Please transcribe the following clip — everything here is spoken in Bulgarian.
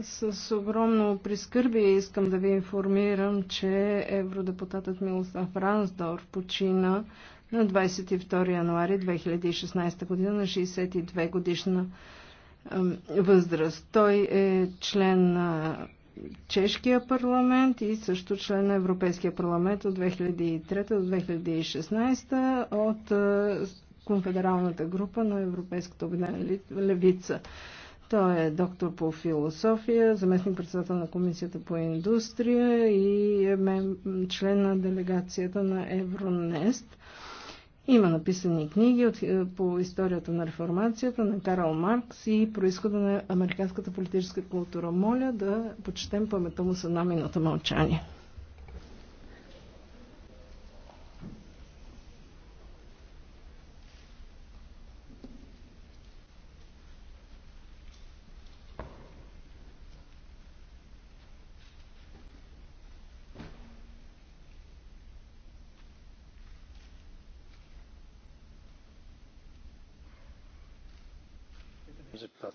С огромно прискърбие искам да ви информирам, че евродепутатът Милослав Рансдорф почина на 22 януари 2016 година на 62 годишна възраст. Той е член на Чешкия парламент и също член на Европейския парламент от 2003 до 2016 от конфедералната група на Европейската обединена левица. Той е доктор по философия, заместник председател на Комисията по индустрия и е член на делегацията на Евронест. Има написани книги от, е, по историята на реформацията на Карл Маркс и происхода на американската политическа култура. Моля да почетем паметта му с една минута мълчание. за